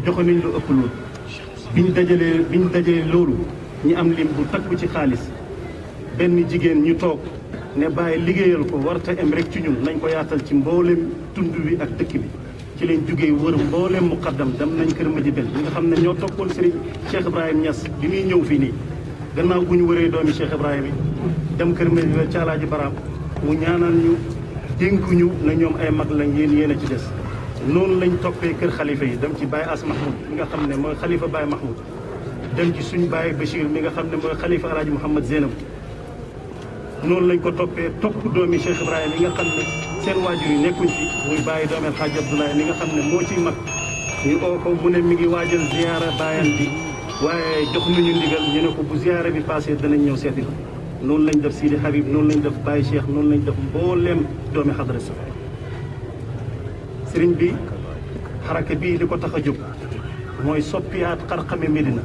ne joxe nañ lu ëpp bi ñu dajalee biñ dajalee loolu ñi am lim bu takku ci xaalis benn jigéen ñu toog ne bàyyi liggéeyal ko warta em rek ci ñun nañ ko yaatal ci mboolem tund bi ak dëkk bi ci lañ jugee wër mboolem muqaddam dem nañ kër Madiabel bi nga xam ne ñoo toppoon Serigne Cheikh Ibrahim ñas bi muy ñëw fii nii gannaaw bu ñu wëree doomi Cheikh Ibrahim yi dem kër Madiabel ci Alaaji Baraam mu ñaanal ñu dénkuñu na ñoom ay mag lañ yéen yéen a ci des noonu lañ toppee kër xalifa yi dem ci Baye As Mahmoud mi nga xam ne mooy xalifa Baye Mahmoud dem ci suñu baay Bachir mi nga xam ne mooy xalifa El Hadj Mouhamad Zeynab noonu lañ ko toppee topp doomi Cheikh Ibrahima yi nga xam ne seen waajur yi nekkuñ fi muy bàyyi doomi El Hadj Abdoulaye mi nga xam ne moo ciy mag ñu oo ko mu ne mi ngi waajal ziyaara baayam bi waaye jox nañu ndigal ñu ne ko bu ziyaara bi passé danañ ñëw seeti la noonu lañ def Sidi Habib loolu lañ def Baye Cheikh noonu lañ def mbooleem doomi xadra sëriñ bi xaraka bii li ko tax a jóg mooy soppiyaat xarxame Medina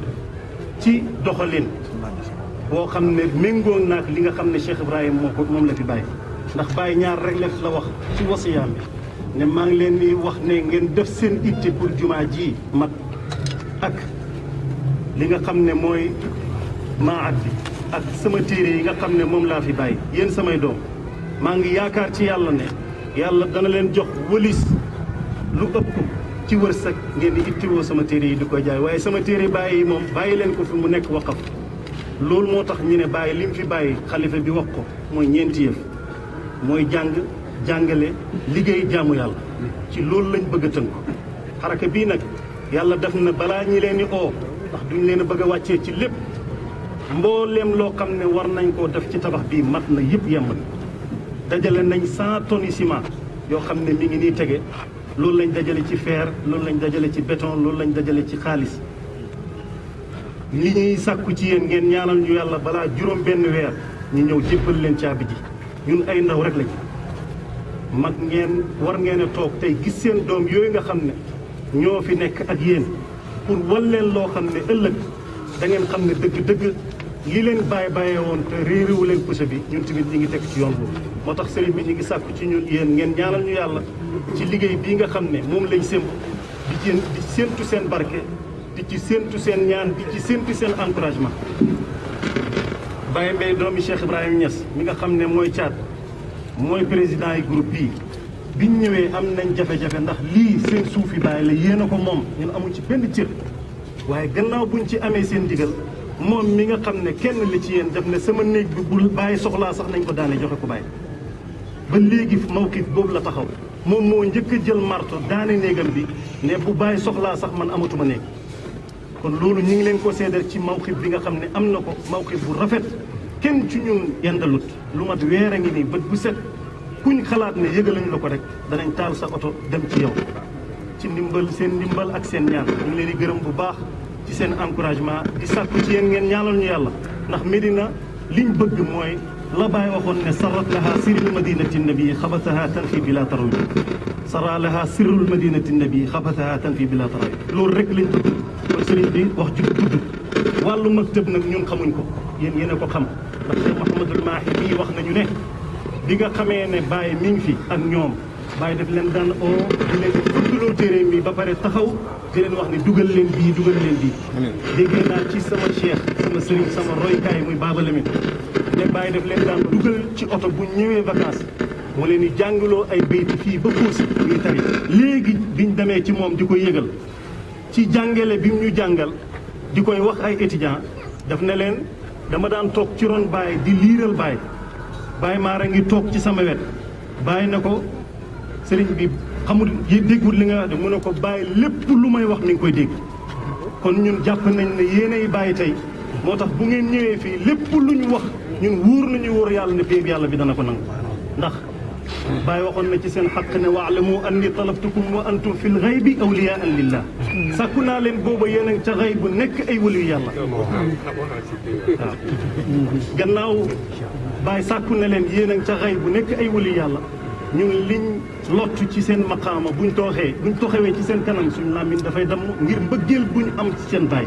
ci doxalin boo xam ne méngoo naa li nga xam ne Cheikh Ibrahima moo ko moom la fi bàyyi ndax bàyyi ñaar rek la wax ci wasiyaam bi ne maa ngi leen di wax ne ngeen def seen itte pour jumaa ji mat ak li nga xam ne mooy maat bi ak sama téere yi nga xam ne moom laa fi bàyyi yéen samay doom maa ngi yaakaar ci yàlla ne yàlla dana leen jox wëlis lu ëpp ci wërsëg ngeen di ittiwoo sama téere yi di koy jaay waaye sama téere bàyyi yi moom bàyyi leen ko fi mu nekk waqaf loolu moo tax ñu ne bàyyi li mu fi bàyyi xalifa bi wax ko mooy ñeenti yëf mooy jàng jàngale liggéey jaamu yàlla ci loolu lañ bëgg a tënk xaraka bii nag yàlla def na balaa ñi leen di oo ndax duñ leen a bëgg a wàccee ci lépp mbooleem loo xam ne war nañ koo def ci tabax bii mat na yëpp yem dajale nañ cent tonnes yoo xam ne mi ngi loolu lañ dajale ci feer loolu lañ dajale ci béton loolu lañ dajale ci xaalis li ñuy sàkku ci yéen ngeen ñaanal ñu yàlla balaa juróom benn weer ñu ñëw jébbal leen caabi ji ñun ay ndaw rek lañ mag ngeen war ngeen a toog tey gis seen doom yooyu nga xam ne ñoo fi nekk ak yéen pour wan leen loo xam ne ëllëg da ngeen xam ne dëgg-dëgg li leen bàyyi bàyyee woon te réeréwu leen pousse bi ñun tamit ñi ngi teg ci yoon boobu moo tax sëriñ bi ñu ngi sàkku ci ñun yéen ngeen ñu yàlla ci liggéey bii nga xam ne moom lañu sémb di ci di séentu seen barke di ci séentu seen ñaan di ci séentu seen encouragement Baye Mbaye doomi Cheikh Ibrahima Niass mi nga xam ne mooy caat mooy président yi groupe bii biñ ñëwee am nañ jafe-jafe ndax lii seen suuf yi bàyyi la yéen a ko moom ñun amul ci benn cër waaye gannaaw buñ ci amee seen digal moom mi nga xam ne kenn la ci yéen def ne sama néeg bi bu bàyyi soxlaa sax nañ ko daane joxe ko bàyyi ba léegi mawqif boobu la taxaw moom moo njëkk a jël marto daane néegam bi ne bu bàyyi soxlaa sax man amatuma néeg kon loolu ñu ngi leen ko seedal ci mawxif bi nga xam ne am na ko mawxif bu rafet kenn ci ñu yendalut lu mat weer a ngi nii bët bu set kuñ xalaat ne yëgalañu la ko rek danañ taal sa oto dem ci yow ci ndimbal seen ndimbal ak seen ñaan ñu ngi leen di gërëm bu baax ci seen encouragement di sàkku ci yéen ngeen ñaanal yàlla ndax Medina liñ bëgg mooy la bàyyi waxoon ne sarat laha sirrul madinati nabii xabasaha tan fi bila taraw bi sara laha sirrul madinati nabii xabasaha tan fi bila taraw bi loolu rek lañ tudd loolu sëriñ bi wax ji tudd wàllu maktëb nag ñun xamuñ ko yéen yéen ko xam ndax Cheikh Mouhamadul Mahi bii wax nañu ne bi nga xamee ne Baye mi ngi fi ak ñoom Baye daf leen daan oo di leen tuddloo téere mi ba pare taxaw di leen wax ne dugal leen bii dugal leen bii déggee naa ci sama leen bàyyi def leen daan dugal ci oto bu ñëwee vacances moo leen di jàngaloo ay bayti fii ba Kossy muy tari léegi biñ demee ci moom di koy yëgal ci jàngale bi ñu jàngal di koy wax ay étudiants daf ne leen dama daan toog ci ron Baye di liiral Baye Baye Mara ngi toog ci sama wet bàyyi na ko sëriñ bi xamul déggul li nga wax de mu ne ko bàyyi lépp lu may wax ni ngi koy dégg kon ñun jàpp nañ ne yéenay bàyyi tey moo tax bu ngeen ñëwee fii lépp lu ñu wax ñun wóor nañu wóor yàlla ne péeb yàlla bi dana ko nangu ndax Baye waxoon na ci seen xaq ne waalamu anni talabtukum wa antum bi lxaybi awliyaan lillah sàkku naa leen booba yéen ngi ca xayb bu nekk ay waliyu yàlla waaw gannaaw Baye sàkku na leen yéen a ngi ca xayb bu nekk ay waliyu yàlla ñun liñ lottu ci seen maqaama buñ tooxee buñ toxewee ci seen kanam suñu làmmiñ dafay damm ngir mbëggeel buñ am ci seen baay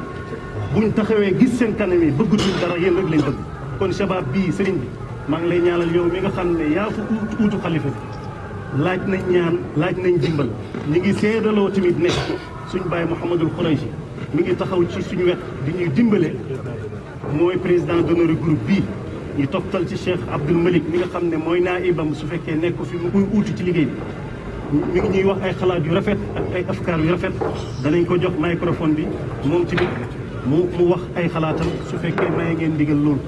buñ taxawee gis seen kanam yi bëggutuñ dara yéen rek lañ bëgg kon shabab bii sëriñ bi maa ngi lay ñaanal yow mi nga xam ne yaa fa uutu xalifa bi laaj nañ ñaan laaj nañ jimbal ñi ngi seedaloo tamit ne suñu bàyyi Mouhamadul Khouraychi mi ngi taxaw ci suñu wet di ñuy dimbale mooy président d'honneur groupe bi ñu toppal ci Cheikh Abdoul Malik mi nga xam ne mooy naa ibam su fekkee nekku fi mu koy uutu ci liggéey bi mi ngi ñuy wax ay xalaat yu rafet ak ay afkaar yu rafet danañ ko jox microphone bi moom tamit mu mu wax ay xalaatam su fekkee maye ngeen digal loolu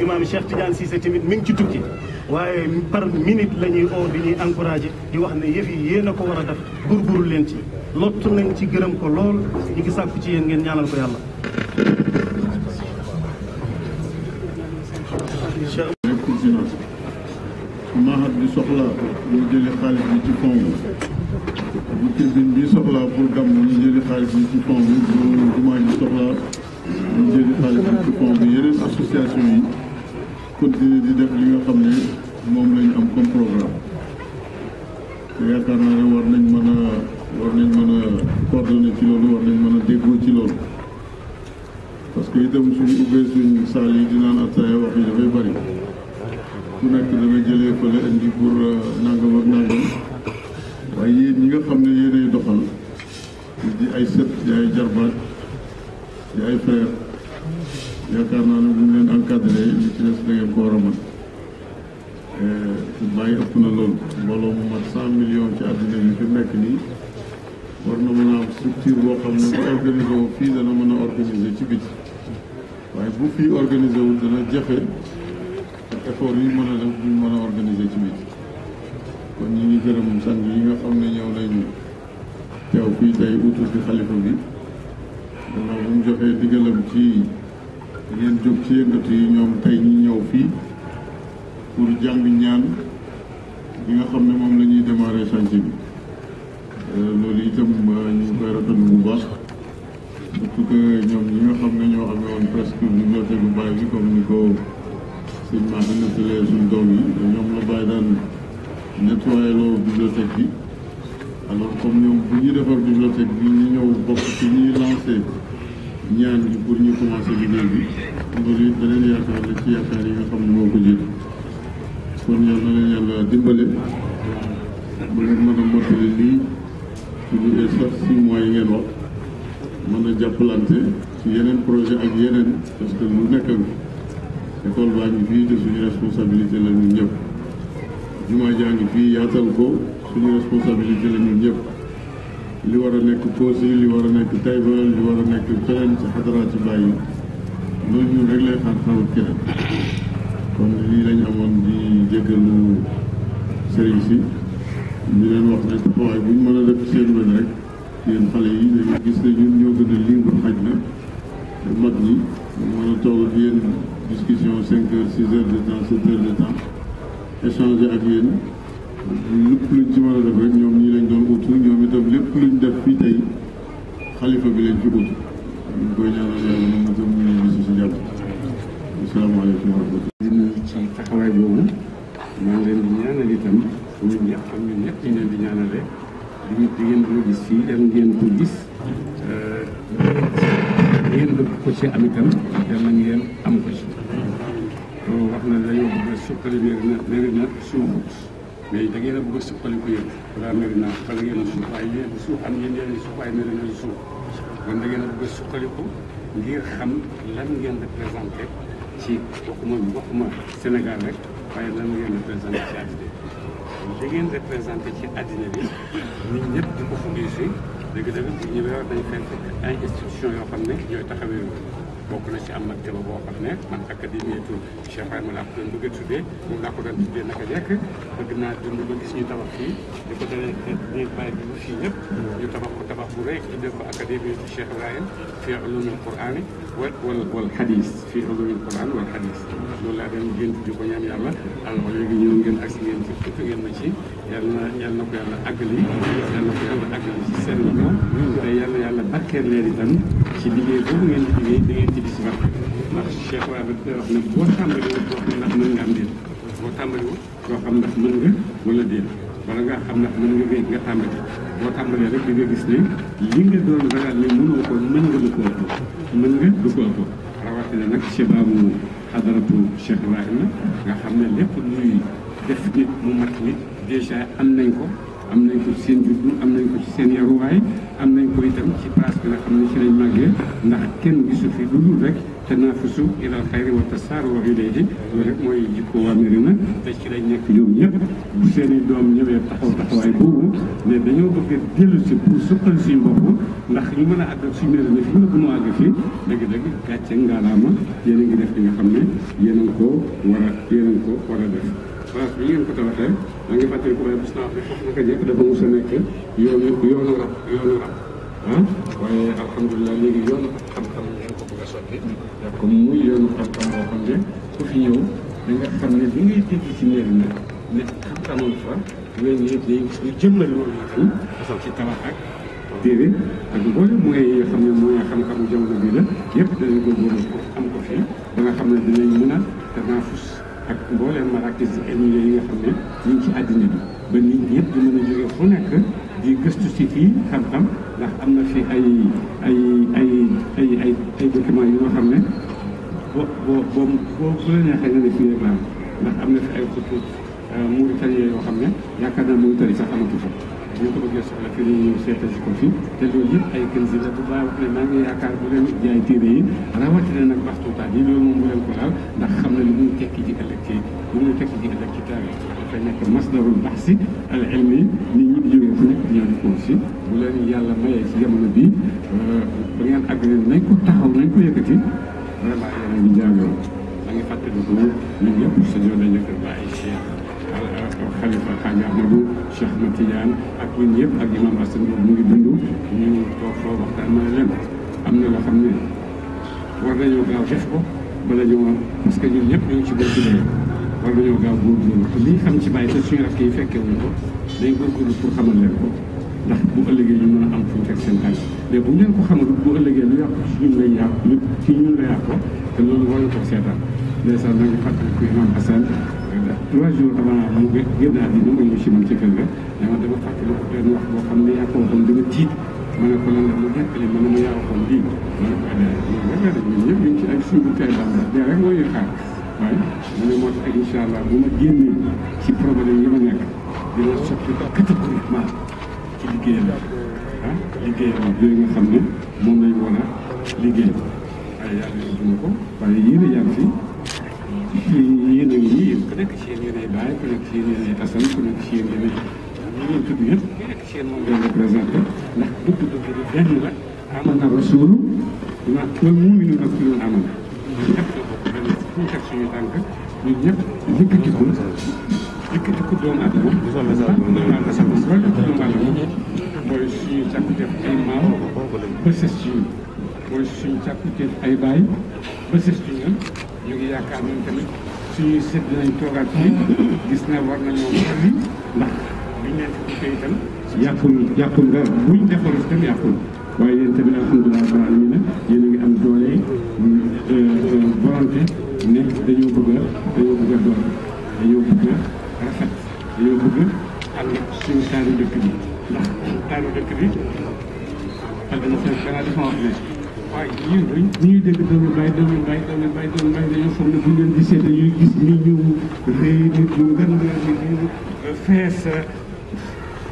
imaam Cheikh Tidiane Cissé tamit mi ngi ci tukki waaye par minute la ñuy oo di ñuy encouragé di wax na yëf yi yéen a ko war a def gurguru leen ci lottu nañ ci gërëm ko lool ñu ngi sàkku ci yéen ngeen ñaanal ko yàlla. rek finance maaxat bi soxlaa ñu jëli xaalis bi ci fond bi bu tribune bi soxlaa pour jëli xaalis bi ci fond bi bu association yi continuer di def li nga xam ne moom la am comme programme te yaakaar naa ne war nañ mën a war nañ mën a coordonner ci loolu war nañ mën a déggoo ci loolu parce que itam suñu ubbee suñu saal yi di wax yi dafay bari ku nekk damay jëlee fële indi pour euh, nangam ak nangam waaye yéen ñi nga xam ne yéenay doxal di ay sët di jarbaat di ay yaakaar naa ne bu ñu leen encadré li ci des da a mën bàyyi ëpp na loolu mbooloo mu mat cent millions ci àddina yi fi nekk nii war na mën a am structure boo xam ne bu organisé fii dana mën a organisé ci biti waaye bu fii organisé wu dana jafe ak yi mën mën a organisé ci kon ñi ngi gërëm sang yi nga xam ne ñëw nañu teew fii tey utu fi xalifa bi gannaaw bu mu joxee digalam ci ngeen jóg ci yëngatu yi ñoom tey ñi ñëw fii pour jàng ñaan bi nga xam ne moom la ñuy démarrer chantier bi euh, loolu itam euh, ñu bu baax surtout que ñoom ñi nga xam ne ñoo amee woon ñoom la Baye daan nettoyer loo bibliothèque bi alors comme ñoom bu ñuy defar bibliothèque bi ñu ñëw bokk ci ñuy lancé. ñaan yi pour ñu commencé liggéey bi loolu it beneen yaakaar la ci yaakaar yi nga xam ne moo ko jiitu kon yal na leen yàlla dimbale ba ngeen mën a mottali lii su duggee sax six mois yi ngeen wax mën a jàppalante ci yeneen projet ak yeneen parce que lu nekk école baa ngi fii te suñu responsabilité la ñun ñëpp jumaa jaa ngi fii yaatal ko suñu responsabilité la ñun li war a nekk Kossy li war a nekk Taïba li war a nekk feneen ci xadara ci bàyyi loolu ñun rek lay xaar xarut keneen kon lii lañ amoon di jéggalu sëriñ yi ñu leen wax ne waaye bu ñu mën a def seen wet rek yéen xale yi dañu gis ne ñun ñoo gën a libre xaj na mag ñi mën a toog ak yéen discussion cinq heures six heures de temps sept heures de temps échanger ak yéen lépp luñ ci mën a def ñoom ñii lañ doon utu ñoom itam lépp luñ def fii tey xalifa bi lañ ci utu ñu koy ñaanal yàlla moom itam ñu ngi gis di nuyu ci taxawaay boobu maa ngi di ñaanal itam ñun ñëpp ak ñun ñaanale di ngeen ko gis fii yal ngeen ko gis ngeen bëgg ko ci am itam yal na am ko ci. wax na dañoo bëgg a suqali biir na mais da ngeen a bëgg a suqaliku yéen balaa mel naa fa la ngeen a suuf waaye yéen suuf am yéen yéen suuf waaye mel suuf kon da ngeen a bëgg a suqaliku ngir xam lan ngeen représenté ci waxuma waxuma Sénégal rek waaye lan ngeen représenté ci àddina bi. da ngeen représenté ci àddina bi ñun ñëpp di ko fu ngi si dëgg nañu fekk institution yoo xam ne ñooy taxawee bokk na ci am nag thème boo xam ne man académie tout Cheikh Ibrahima laa ko doon bëgg a tuddee moom laa ko doon tuddee naka jekk bëgg naa dund ba gis ñu tabax fii di ko dalee ñuy bàyyi bi fii ñëpp ñu tabax ko tabax bu rëy tuddee ko académie Cheikh Ibrahima fii ulumul Qur'an wal wal wal hadis fii ulumul Qur'an wal hadis loolu laa doon génn di ko ñaan yàlla alors léegi ñëw ngeen ak si ngeen ngeen ma ci yal na yal na ko yàlla àggali yal na ko yàlla àggali ci seen loxo te yal yàlla barkeel leen itam ci liggéey boobu ngeen di liggéey da ngeen ci gis barke ndax Cheikh xam ndax mën nga am déet boo tàmbaliwul doo gis ne li nga doon ragal ne mënoo ko mën nga lu ko ëpp mën nga lu ko ëpp nag ci baamu xadaratu Cheikh Ibrahima nga xam ne lépp luy def nit mu mat nit déjà am nañ ko am nañ ko ci seen juddu am nañ ko ci seen yaruwaay am nañ ko itam ci place bi nga xam ne ci lañ màggee ndax kenn gisu fi lu dul rek te su ilal xayri wa tasaaroo ilayhi loolu rek mooy jikko waa Medina te ci lañ nekk ñoom ñëpp bu seen doom ñëwee taxaw taxawaay boobu mais dañoo bëgg a dellu si pour suqal suñu bopp ndax ñu mën a àgg ak suñu fi mu la a àgg fii dëgg-dëgg gàcce ngaalaama yéen a ngi def li nga xam ne yéen a ngi ko ko France bi ngeen ko tabaxee maa ngi fàttali ko waaye bés naa ne foofu naka jekk dafa mos a nekk yoonu yoonu rab yoonu rab ah waaye alhamdulilah léegi yoonu ko bëgg a sotti comme muy xam-xam ne ku fi ñëw da nga xam ne li ngay dégg ci néeg nag ne xam-xamul fa ngay ñëw day lu jëmmal loolu itam ci tabax xam ne bi la yëpp danañ ko am ko fii ne dinañ a danaa ak mbooleem marakis ilmiya yi nga xam ne ñu ngi ci àddina bi ba nit ñëpp di mën a jóge fu nekk di gëstu si fii xam-xam ndax am na fi ay ay ay ay ay ay documents xam ne boo boo boo boo bu la neexee nga ne fii rek la am ndax am na fi ay xutu euh, Mauritanie yoo xam ne yaakaar naa Mauritanie sax amatu fa. bu ñu ko bëggee soxla fii la ñuy ñëw seetal si ko fii te loolu yëpp ay gën si la bu baax wax ne maa ngi yaakaar bu leen jaay téere yi rawatina nag baxtuutaan yi loolu moom bu leen ko laal ndax xam na li muy tekki ji ëllëg ci li muy tekki ji ëllëg ci taarix dafay nekk masdarul baxsi al ilmi nit ñi di jógee fu nekk ñoo di koon si bu leen yàlla mayee si jamono bii ba ngeen àgg leen nañ ko taxaw nañ ko yëkkati vraiment yéen a ngi jaagoo maa ngi fàttali ko ñun ñëpp sa joon la njëkk bàyyi xalifa xaaji Ahmadou Cheikh Ahmad ak ñun yëpp ak imam Assane boobu mu ngi dund ñu toog fa waxtaan ma leen am na loo xam ne war nañoo gaaw def ko ba bala ñoo parce que ñun ñëpp ñoo ci góorgóorlu war nañoo gaaw góorgóorlu te liñ xam ci bàyyi te suñu rakk yi fekkee wuñ ko dañ góorgóorlu pour xamal leen ko ndax bu ëllëgee ñu mën a am fu ñu seen tànk mais bu ñu leen ko xamal bu ëllëgee lu yàqu ci ñun lay yàqu la yàqu te loolu war na ko seetaan ndeysaan na nga fàttali ko imam Assane trois jours avant mu gën daal di ñëw ñu si man ci kër ga dama dama fàttali ko wax boo xam ne yaa ko waxoon dama tiit ma ne ko lan la mu nettali li ma yaa waxoon ko ah, liggéeyam ah liggéeyam yooyu nga xam ne moom lañ war a waaye yàlla yóbbu na ko waaye yéen a yàgg fii yéen a ngi nii yéen ku nekk ci yéen yéenay Baye ku nekk ci yéen yéenay Assane ku nekk ci yéen yéenay ñi ngeen tudd yëpp ku nekk ci yéen moom ngeen représenté ndax bëgg bëgg bi benn la amana rasulu ma wal mu'minuuna kullun amana ñun ñëpp ñoo bokk benn fu ñu teg suñu tànk ñun ñëpp yëkkati ko yëkkati mooy suñu càkkuteef ay ba ay baay ba sës ci ñu ngi yaakaar nañ tamit suñuy sët dinañ toogaat fii gis na war nañoo xam ndax biñ leen fi ubbee itam yàqul yàqul nga buñ defoon itam yàqul waaye yéen tamit alhamdulilah rabbil alamin yéen a ngi am doole euh, euh, volonté ne dañoo bëgg a dañoo bëgg a doon dañoo bëgg a rafet dañoo bëgg a ànd suñu taaru dëkk bi ndax taaru dëkk bi ak dañu seen xanaa dafa wax ne waaye ñun ñu ñuy dégg Dóor Mbaye Dóor Mbaye Dóor Mbaye ñu leen gisee dañuy gis ni ñu rëy nit gën a fees.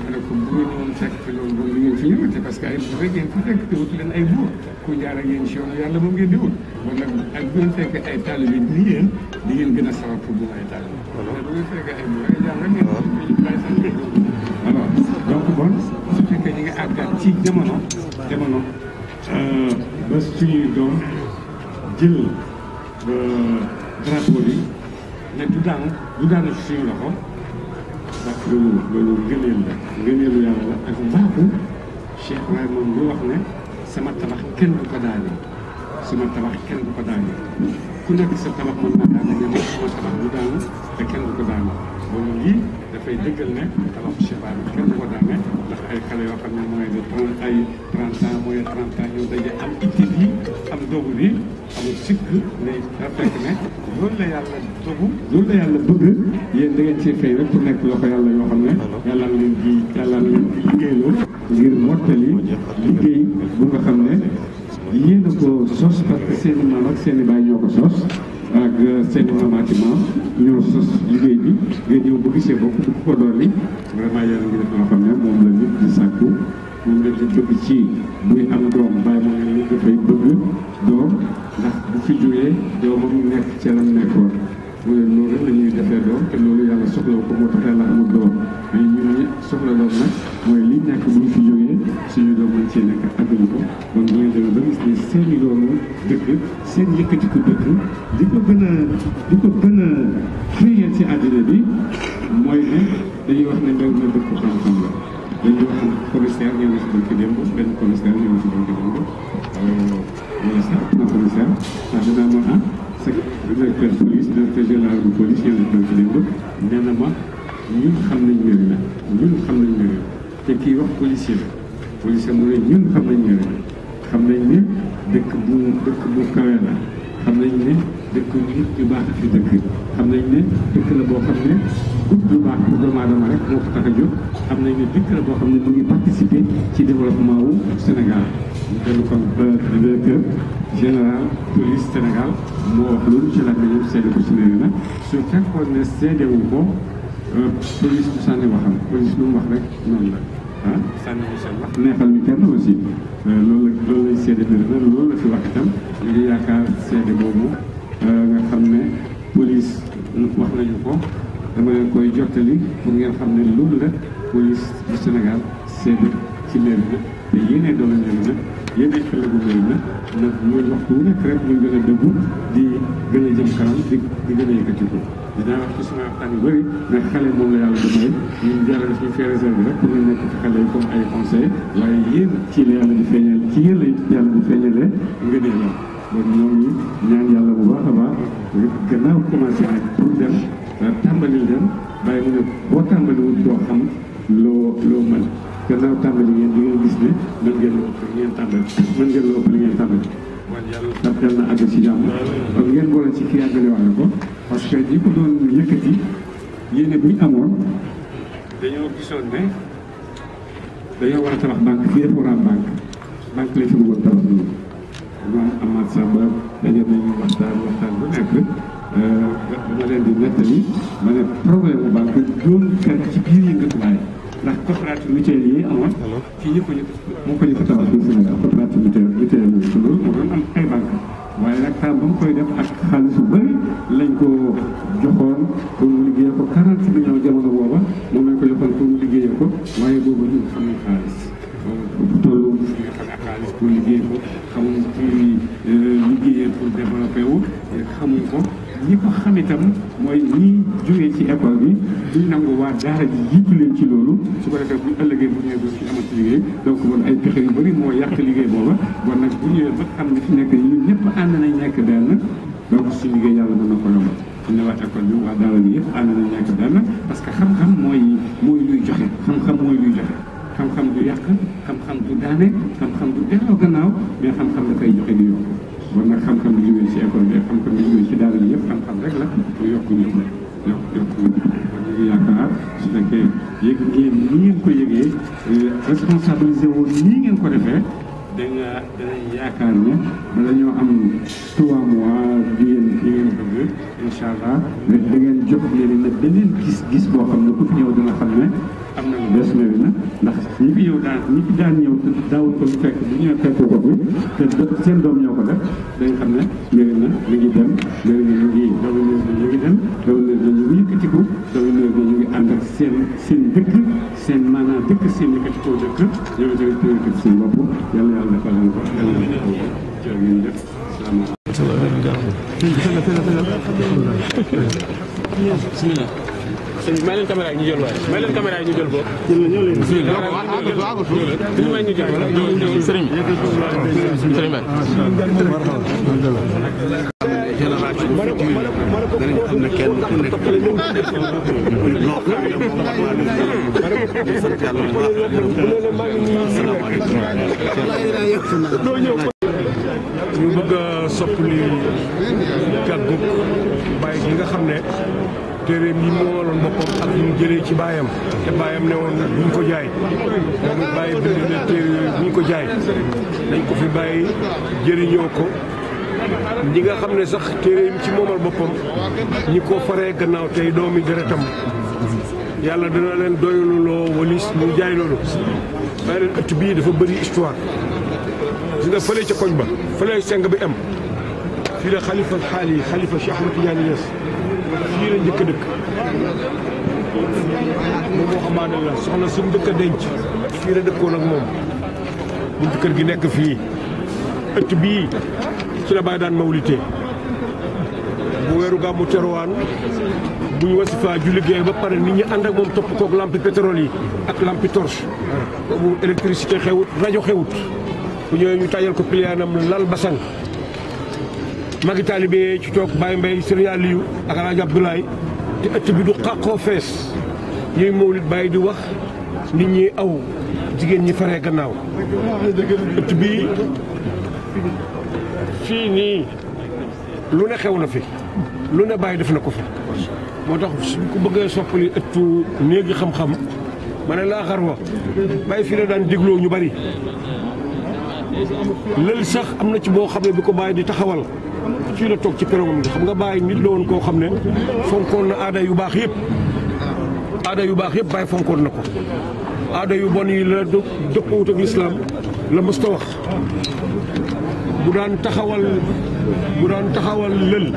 ma ne ko bu ngeen ñëwoon fekk loolu moom li ngeen fi parce que ay bu rek fekk leen ay buur ku jaar ak yéen si yoonu yàlla moom ngeen di wut. kon nag ak bu ngeen fekkee ay taalibe yi nii yéen gën a sawar pour bu ay taalibe. voilà bu ngeen fekkee ay buur ay jaar rek ngeen di bàyyi seen mbir. alors donc bon su fekkee ñu ngi àggaat ci jamono jamono. Euh, ba suñuy doom jël euh, drapeau bi ne du daanu du daanu ci suñu loxo ndax loolu loolu la ngëneelu yàlla la ak mbaaxu Cheikh Ibrahima moom lu wax ne sama tabax kenn du ko daane sama tabax kenn bu ko daane ku nekk sa tabax mën naa daane ne sama tabax du daanu te kenn du ko daane boobu lii dafay dëggal ne tabaxu Cheikh daane ay xale yoo xam mooy de trente ay trente ans mooy trente ans ñëw daje am itti bii am dogu bi amul sikk ne rafet ne loolu la yàlla dogu loolu la yàlla bëgg yéen da ngeen cee fay rek pour nekk loxo yàlla yoo xam ne yàlla na leen di yàlla na leen di liggéeyloo ngir mottali liggéey bu nga xam ne yéen a ko sos parce que seen i maam ak seen baay ñoo ko sos ak seen i combattement ñoo sos liggéey bi nga ñëw bu gisee bopp bu ko dolli vraiment yéen a ngi def loo xam ne moom la nit di sàkku moom la nit bëgg ci buy am doom bàyyi moom la nit dafay bëgg doom ndax bu fi jógee doomam nekk ca la mu nekkoon. mu ne loolu la ñuy defee doom te loolu yàlla soxla ko moo tax yàlla amul doom nekk bu ñu fi jógee suñu doom lañ cee nekk àgguñu ko donc dinañ dem ba gis ne seen i doomu dëkk seen yëkkatiku dëkk di ko gën a di ko gën a xëyal ci àddina bi mooy ne si directeur police directeur général bu police yéen a ci démb nee na ma ñun xam nañ mbir mi ñun xam nañ mbir mi te kii wax policier la policier mu ne ñun xam nañ mbir mi xam nañ ne dëkk bu dëkk bu kawe la xam nañ ne dëkk nit ñu baax fi dëkk xam nañ ne dëkk la boo xam ne ut lu baax pour doomu aadama rek moo ko tax a jóg xam nañ ne dëkk la boo xam ne mu ngi participer ci développement wu Sénégal ñu dellu kon directeur général police Sénégal moo wax loolu ci làkk yëpp seede ko ci nee na su fekkoon ne seedewu ko police du sànni waxam police lu wax rek la ah sànni wu seen wax neexal mi kenn aussi euh, loolu la loolu lay la fi wax itam ñu ngi yaakaar seede boobu euh, nga xam ne police wax nañu ko dama leen koy jottali pour ngeen xam ne loolu la police du Sénégal seede ci leer te yéenee doon leer bi yéen ay xale bu bëri la ndax ñooñu waxtu wu nekk rek ñu gën a dëggu di gën a jëm kanam di gën a yëkkati ko dinaa wax ci sama waxtaan bëri mais xale moom la yàlla damay ñun jàllale suñu fait réserve rek ay conseil waaye yéen ci la yàlla di feeñal ci yéen la yàlla di feeñalee nga dee la donc ñoo ngi ñaan yàlla bu baax a baax gannaaw commencé nag pour dem tàmbalil dem bàyyi mu ne boo tàmbaliwul doo xam loo loo mën gannaaw tàmbali ngeen di ngeen gis ne mën ngeen lu ëpp li ngeen tàmbali mën ngeen lu ëpp li ngeen tàmbali ndax yàlla na àgg ci jàmm kon ngeen boole ci kii àggale waxe ko parce que ñi ko doon yëkkati yéene bu ñu amoon dañoo gisoon ne dañoo war a tabax banque fii dafa war a am banque fi bëggoon waxtaan bu nekk euh, dama di nettali ma ne problème bu banque doon ci biir yëngatuwaay ndax coopérative mutuelle yi amoon fii ñu ko ñu moo ko ñu ko tabax fii Sénégal coopérative mutuelle mutuelle mu doon am waaye nag temps ba mu koy def ak xaalis bu bëri lañ ko joxoon pour mu liggéeyee ko 40 millions jamono booba moom lañ ko joxoon pour mu liggéeyee ko waaye boobu ñu xam ne xaalis bu toll fi xaalis pour liggéeyee ko xamuñ ci euh, liggéeyee développé wu xamuñ ko ñi ko xam itam mooy ñi jógee ci école bi duñ nangu waa daara ji jiitu leen ci loolu su ko defee buñ ëllëgee bu ñëwee ba fi amati liggéey donc bon ay moo yàq liggéey booba bon nag bu ñëwee ba xam ne fi nekk ñun ñëpp ànd nañ nekk benn donc suñu liggéey yàlla mën na ko yombal am na waa école bi waa daara bi ànd nañ nekk benn parce que xam-xam mooy mooy luy joxe xam-xam mooy luy joxe xam-xam du yàq xam-xam du daane xam-xam du delloo gannaaw mais xam-xam dafay joxe di yokk bon nag xam-xam bi jógee ci école bi xam-xam ci daara bi yëpp xam-xam rek la mu yokk ñëpp yokk yokk ñu ngi yaakaar su fekkee yëg ngeen ni ngeen ko yëgee euh, responsabilisé woon nii ngeen ko defee da nga danañ yaakaar ne bala ñoo am trois mois di ngeen di ngeen bëgg incha allah nit da ngeen jox leen nag beneen gis-gis boo xam ne ku fi ñëw dina xam ne am na lu bees ñëw na ndax ñi fi ñëw daan ñi fi daan ñëw te daawul ko fekk bu ñëwee ko fi dañ xam ne mbir na mi ngi dem mbir na ñu ngi doom néew na ñu ngi dem doom néew na ñu ngi ànd ak seen seen dëkk seen maanaam dëkk seen yëkkatikoo dëkk ñoom itamit ñu yëkkati ko yàlla ko jërë ngeen sëñ may leen caméra yi ñu jël waay may leen caméra yi ñu jël boobu. ñëw leen ñëw leen ñu may ñu jël ñëw sëriñ bi sëriñ Mbaye. génération future danañ xam ne kenn ku nekk dañ ko fi bàyyi jëriñoo ko ñi nga xam ne sax téere yi ci moomal boppam ñi ko faree gannaaw tey doomi deretam yàlla dana leen doyululoo walis mu jaay loolu daa ëtt bii dafa bëri histoire si nga fële ca koñ ba fële seng bi am fii la xalifa xaal xalifa Cheikh Ahmed Tidiane fii la njëkk dëkk moom moo xamaane la soxna su mu dëkk a denc fii la dëkkoon ak moom buntu kër gi nekk fii ëtt bii ci la bàyyi daan mawlite bu weeru gàmmu terowaan bu ñu wasifaa ju liggéey ba pare nit ñi ànd ak moom topp kook lampi pétrole yi ak lampi torche boobu électricité xewut rajo xewut bu ñëwee ñu tàjjal ko piliyaanam lal basan magi taalibe ci toog Baye Mbaye Serigne Aliou ak Alaaji Abdoulaye te ëtt bi du xàqoo fees ñuy mawlit bàyyi di wax nit ñi aw jigéen ñi faree gannaaw ëtt bii fii nii lu ne xew na fi lu ne bàyyi def na ko fi moo tax suñ ko bëggee soppali ëttu néegi xam-xam ma ne laa xar wa bàyyi fii la daan dégloo ñu bari lël sax am na ci boo xam ne bi ko bàyyi di taxawal fii la toog ci peromam gi xam nga bàyyi nit la koo xam ne fonkoon na aada yu baax yëpp aada yu baax yëpp bàyyi fonkoon na ko aada yu bon yi la dëppoowut ak lislaam la mës ta wax bu daan taxawal bu daan taxawal lël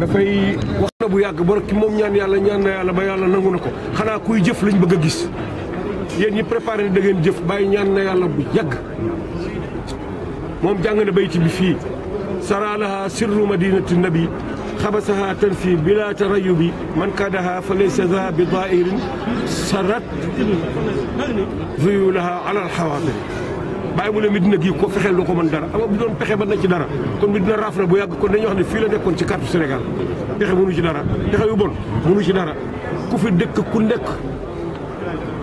dafay wax na bu yàgg ba rek moom ñaan yàlla ñaan na yàlla ba yàlla nangu na ko xanaa kuy jëf lañ bëgg a gis yéen ñi préparé da ngeen jëf bàyyi ñaan na yàlla bu yàgg moom jàng na bayti bi fii sara laha sirru nabi xabasaha tanfi bila bi man kadaha fa laysa za bi dairin sarat zuyulaha ala alxawaatir bàyyi mu ne Medina gii ko fexeel doo ko mën dara ama bu doon pexe ba na ci dara kon Medina raaf na bu yàgg kon dañuy wax ne fii la nekkoon ci carte Sénégal pexe mënu ci dara pexe yu bon mënu ci dara ku fi dëkk ku nekk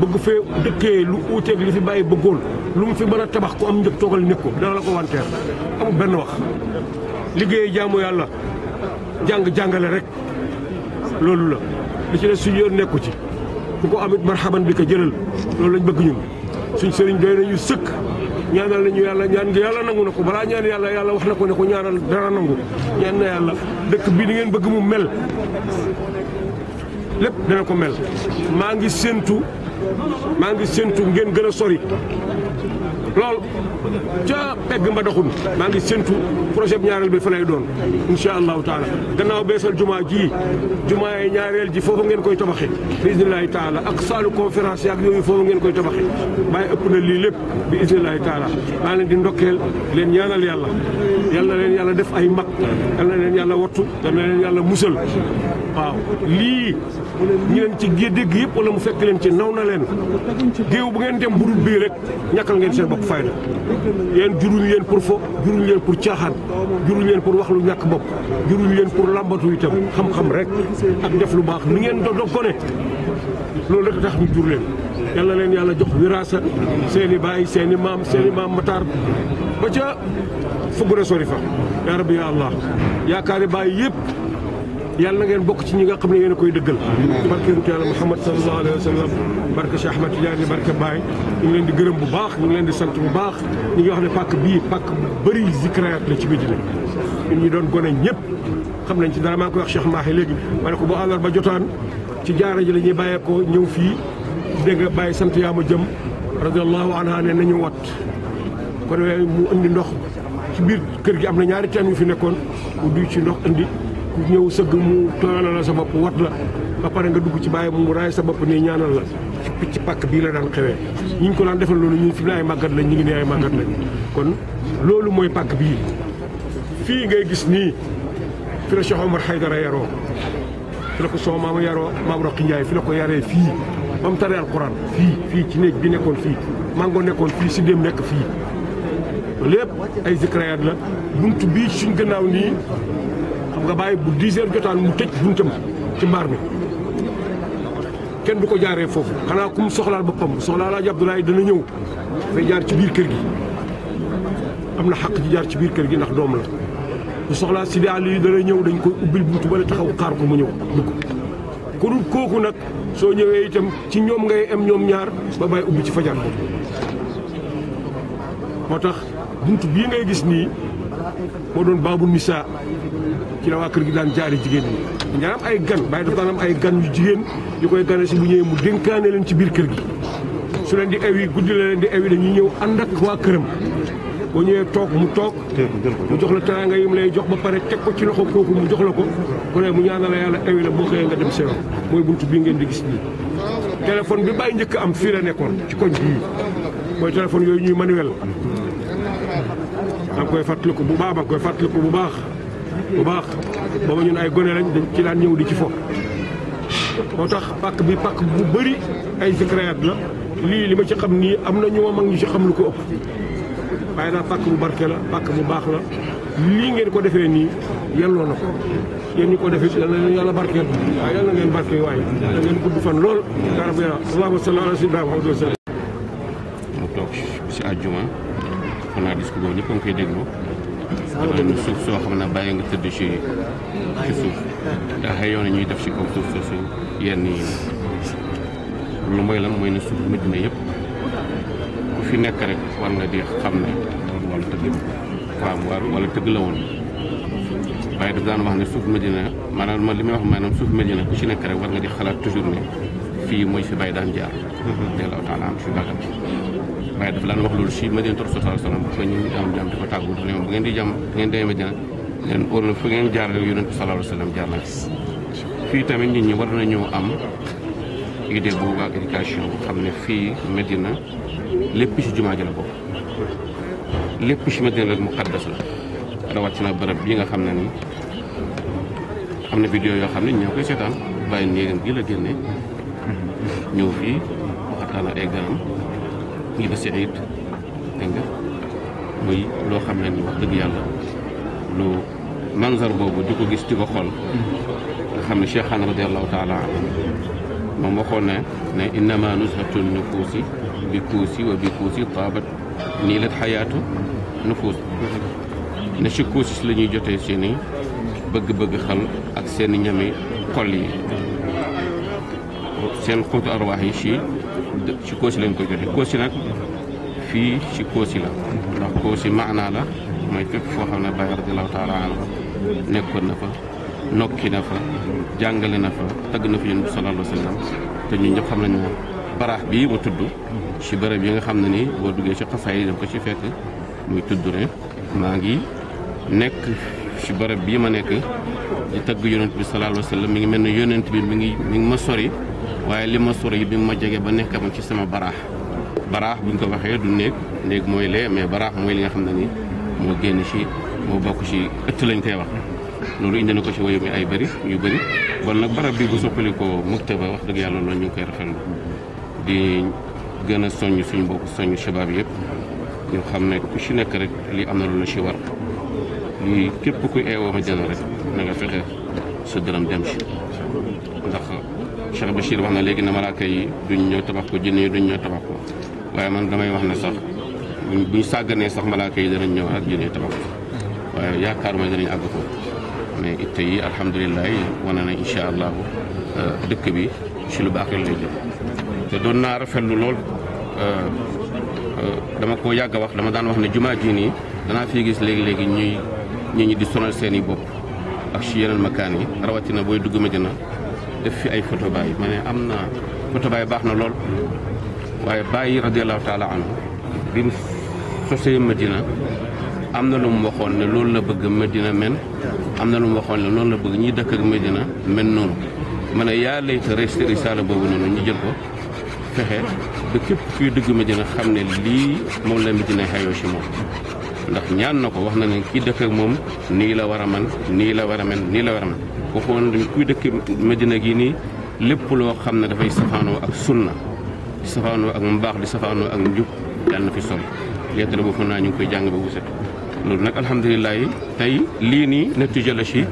bëgg fee dëkkee lu uuteeg li fi bàyyi bëggoon lu mu fi mën a tabax ku am njëg toogal nekk ko dana la ko wanteer amul benn wax liggéey jaamu yàlla jàng jàngale rek loolu la li ci ne suñu yoon nekku ci ku ko amit marxaban bi ko jëlal loolu lañ bëgg ñun suñ sëriñ doy nañu sëkk ñaanal nañu yàlla ñaan gi yàlla nangu na ko balaa ñaan yàlla yàlla wax na ko ne ko ñaanal dara nangu ñaan na yàlla dëkk bii ni ngeen bëgg mu mel lépp dana ko mel maa ngi séentu maa ngi séentu ngeen gën a sori loolu ca pegg mba doxun maa ngi séntu projet bi ñaareel bi fa lay doon incha allahu taala gannaaw beesal juma ji juma yi ñaareel ji foofu ngeen koy tabaxee bismillahi taala ak saalu conférence yaak yooyu foofu ngeen koy tabaxee bàyyi ëpp na lii lépp bi ismillahi taala maa leen di ndokkeel leen ñaanal yàlla yal na leen yàlla def ay mag yal na leen yàlla wattu yal na musal waaw lii ñu leen ci dégg yëpp wala mu fekk leen ci naw na leen géew bu ngeen dem budul bii rek ñàkkal ngeen seen bopp fayda yéen juruñu leen pour fo juruñu leen pour caaxaan juruñu leen pour wax lu ñàkk bopp juruñu leen pour làmbatu itam xam-xam rek ak def lu baax ni ngeen dodo gone loolu rek tax mu jur leen yàlla leen yàlla jox wiraasa seen i baay seen i maam seen i maam mataar ba ca fu gën a sori fa yaa rabbi ya allah yaakaari baay yëpp yàlla na ngeen bokk ci ñi nga xam ne yéen koy dëggal barke yonentu yàlla Muhammad sallallahu alayhi wa sallam barke Cheikh Ahmed Tidiane barke Baye ñu ngi leen di gërëm bu baax ñu ngi leen di sant bu baax ñi nga xam ne pàkk bii pàkk bu bëri zikraat la ci Médina ñun ñu doon gone ñëpp xam nañ ci dara maa koy wax Cheikh Mahi léegi ma ne ko bu àllar ba jotaan ci jaara ji la ñuy bàyyeekoo ñëw fii dégg nga bàyyi sant yaa ma jëm radiallahu anha ne nañu wat kon mu indi ndox ci biir kër gi am na ñaari teen yu fi nekkoon mu duy ci ndox indi ku ñëw sëgg mu tooyaloo sa bopp wat la ba pare nga dugg ci bàyyi mu raay sa bopp nii ñaanal la ci picc pàkk bii la daan xewee ñu ngi ko daan defal loolu ñun fi mu ay màggat lañ ñu ngi ne ay màggat lañ kon loolu mooy pàkk bii fii ngay gis nii fi la Cheikh Omar Haydara yaroo fi la ko soo maama yaroo maam Roqi fi la ko yaree fii ba mu taree alquran fii fii ci néeg bi nekkoon fii mango nekkoon fii si nekk fii lépp ay zikrayaat la buntu bii suñ gannaaw nii xam nga bàyyi bu 10 heures jotaan mu tëj buntam ci mbaar mi kenn du ko jaaree foofu xanaa ku mu soxlaal boppam bu soxlaa laaj Abdoulaye dana ñëw dafay jaar ci biir kër gi am na xaq ci jaar ci biir kër gi ndax doom la bu soxlaa Sidi Aliou dana ñëw dañ koy ubbil buntu bala taxaw xaar ko mu ñëw dugg ku dul kooku nag soo ñëwee itam ci ñoom ngay am ñoom ñaar ba bàyyi ubbi ci fajar moo tax buntu bii ngay gis nii moo doon baabul nisaa ci la waa kër gi daan jaari jigéen ñi daan ay gan bàyyi dafa daan ay gan yu jigéen yu koy gane si bu ñëwee mu dénkaane leen ci biir kër gi su leen di ewi guddi la leen di ewi dañuy ñëw ànd ak waa këram boo ñëwee toog mu toog mu jox la teraanga yi mu lay jox ba pare teg ko ci loxo kooku mu jox la ko ko ne mu ñaanal la yàlla ewi la boo xëyee nga dem seew mooy bunt bii ngeen di gis nii téléphone bi ay njëkk am fii la nekkoon ci koñ bii mooy téléphone yooyu ñuy manuel da koy koy ko bu baax da nga koy bu baax bu baax booba ñun ay gone lañ dañ ci laa ñëw di ci fo moo tax pàkk bi pàkk bu bëri ay zikriyaat la lii li ma ci xam nii am na ñoo mag ñu ci xam lu ko ëpp waaye naa pàkk bu barke la pàkk bu baax la lii ngeen ko defee nii yelloo na ko yéen ñu ko defee yal na leen yàlla barkeel waaye yal na ngeen barkeel waaye da ngeen gudd fan lool. yaa rabbi allahumma salli ala sayyidina Muhammad naa discours boobu ñëpp a ngi koy déglu doon suuf soo xam ne bàyyi nga tëdd ci ci suuf ndax yoon ñuy def ci kaw suuf soosu yenn yi lu mooy lan mooy ne suuf Medina yëpp ku fi nekk rek war nga di xam ne dama wàllu tëgg waaw war la woon waaye daf daan wax ne suuf Medina maanaam man li may wax maanaam suuf Medina ku ci nekk rek war nga di xalaat toujours ne fii mooy fi bàyyi daan jaar. te loolu daal am fi bàggal. waaye dafa daan wax loolu si Madinatul Rasul salaam ba ñu am jàmm di ko tàggu dafa ne moom bu ngeen di jàmm bu ngeen demee Madina leen óor na fu ngeen jaar rek yonent bi sallallahu alayhi wa sallam jaar na fii tamit nit ñi war nañoo am idée boobu ak éducation xam ne fii Medina lépp si jumaa ji la bokk lépp si Medina la muqaddas la rawatina bërëb bii nga xam ne nii am na vidéo yoo xam ne ñoo koy seetaan bàyyi néegam gi la génne ñëw fii waxtaan ay garam muy ba si loo xam ne ni wax dëgg yàlla lu manzar boobu di ko gis ci ko xool nga xam ne Cheikh Xaan radiallahu taala anhu moom waxoon ne ne innama nuzhatu nufuusi bi kuusi wa bi kuusi taabat nii lat xayaatu nufuus ne si kuusi si la ñuy jotee seeni bëgg-bëgg xal ak seen ñami xol yi seen xuutu arwaax yi si ci Kossy lañ ko jotee Kossy nag fii ci Kossy la ndax Kossy maanaa la mooy fépp foo xam ne Baay radiyallaahu taala anhu nekkoon na fa nokki na fa jàngale na fa tagg na fi yonent bi sallallaahu alayhi te ñun ñëpp xam nañu ne baraax bii mu tudd ci bërëb yi nga xam ne ni boo duggee ci xasaay yi ko ci fekk muy tudd ne maa ngi nekk ci bërëb bii ma nekk di tagg yonent bi sallallaahu alayhi wa mi ngi mel ne yonent bi mi ngi mi ngi ma sori waaye li ma sori bi ma jege ba nekk ma ci sama baraax baraax buñ ko waxee du néeg néeg mooy lee mais baraax mooy li nga xam ne ni moo génn ci moo bokk ci ëtt lañ koy wax loolu indi na ko ci woyu mi ay bëri yu bari bon nag barab bi bu soppali ko ba wax dëgg yàlla loolu ñu ngi koy rafetlu di gën a soññ suñ mbokk soññ shabaab yëpp ñu xam ne ku ci nekk rek li am na lu la ci war lii képp ku eewoo ma jënd rek na nga fexe sa dërëm dem ci Cheikh Bachir wax na léegi na malaaka yi duñ ñëw tabax ko jinne yi duñ ñëw tabax ko waaye man damay wax ne sax ñu sàgganee sax malaaka yi danañ ñëw ak jinne yi tabax ko waaye yaakaaruma danañ àgg ko mais itte yi alhamdulilah wane na incha allahu euh, dëkk bi si lu baax rek lay jëm te doon naa lu lool euh, euh, dama koo yàgg a wax dama daan wax ne jumaa jii nii danaa fi gis léegi-léegi ñuy ñi ñu di sonal seen i bopp ak ci yeneen makaan yi rawatina booy dugg Medina def fi ay photo Baye ma ne am na photo baax na lool waaye Baye radiallahu taala anhu bi mu sosee Medina am na lu mu waxoon ne loolu la bëgg Medina men am na lu mu waxoon ne loolu la bëgg ñi dëkk ak Medina men noonu ma ne yaa layta resté risaala boobu noonu ñu jël ko fexe ba képp kuy dugg Medina xam ne lii moom la Medina xayoo si moom ndax ñaan na ko wax na ne kii dëkk ak moom nii la war a man nii la war a men nii la war a man waxoon dañ kuy dëkk Medina nii lépp loo xam ne dafay safaanoo ak sunna di safaanoo ak mbaax di safaanoo ak njub yàlla na fi sol leetale boo fa naa ñu ngi koy jàng ba wuset loolu nag alhamdulilah yi tey lii nii natija la si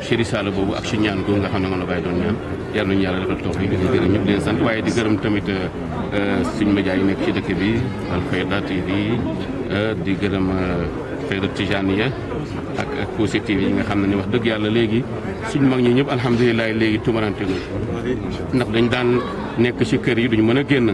si boobu ak si ñaan googu nga xam ne moom la bàyyi doon ñaan yàlla nañu yàlla defal tawfiq di gërëm ñëpp leen sant waaye di gërëm tamit euh, euh, suñu média yi nekk ci dëkk bi Al Fayda TV euh, di gërëm Fayda Tijaniya ak ak Kossy TV yi nga xam ne ni wax dëgg yàlla léegi suñ mag ñi ñëpp alhamdulilah léegi tumarante ndax dañu daan nekk ci kër yi duñu mën a génn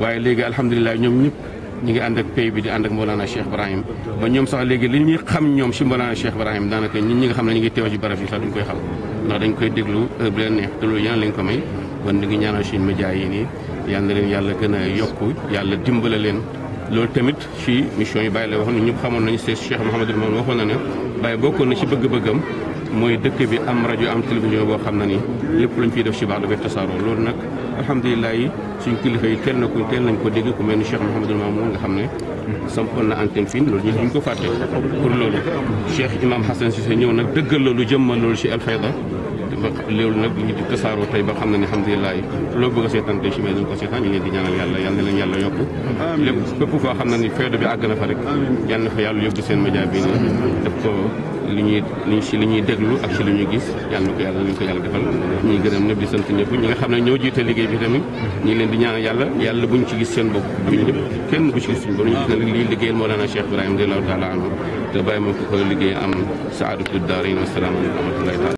waaye léegi alhamdulilah ñoom ñëpp ñu ngi ànd ak pay bi di ànd ak Mawlana Cheikh Ibrahim ba ñoom sax léegi li ñuy xam ñoom ci Mawlana Cheikh Ibrahim daanaka ñi nga xam ne ñu ngi teew ci barab yi sax duñ koy xam ndax dañ koy déglu heure bu leen neex te loolu yéen lañ ko may kon ñu ngi ñaanal suñu média yi nii yal na leen yàlla gën a yokku yàlla dimbale leen loolu tamit ci mission yi bàyyi la wax ñëpp xamoon nañu Cheikh Mouhamadul Mamoun waxoon na ne bàyyi bokkoon na ci bëgg-bëggam mooy dëkk bi am rajo am télévision boo xam na ni lépp luñ fiy def ci baax dafay tasaaroo loolu nag alhamdulilah yi suñ kilifa yi teel na ku teel nañ ko dégg ku mel ni Cheikh Mouhamadul Mamoun nga xam ne sampoon na antenne fii loolu ñu duñ ko fàtte pour loolu Cheikh Imam Hassan Cissé ñëw nag dëggal loolu jëmmal loolu ci Alfayda ba léegi nag ñu di tasaaroo tey ba xam ne ne alhamdulilah loo bëgg a seetaan yàlla yal na yàlla yokk lépp képp foo xam ne ni feedo bi àgg na fa rek yal na fa yàlla yóbbu seen média bi nii def ko si li ñuy déglu ak si li ñuy gis yàlla na ko yàlla nañu ko yàlla defal ñuy gërëm ñëpp di sant ñëpp ñi nga xam ne ñoo jiite liggéey bi tamit ñi leen di ñaanal yàlla yàlla buñ ci gis seen bopp ñu ñëpp kenn bu ci gis suñu bopp ñu gis ne lii liggéeyal Mawlana Cheikh Ibrahima radiyallahu te bàyyi ma ko koy am saadatu daarayni wa salaamu alaykum wa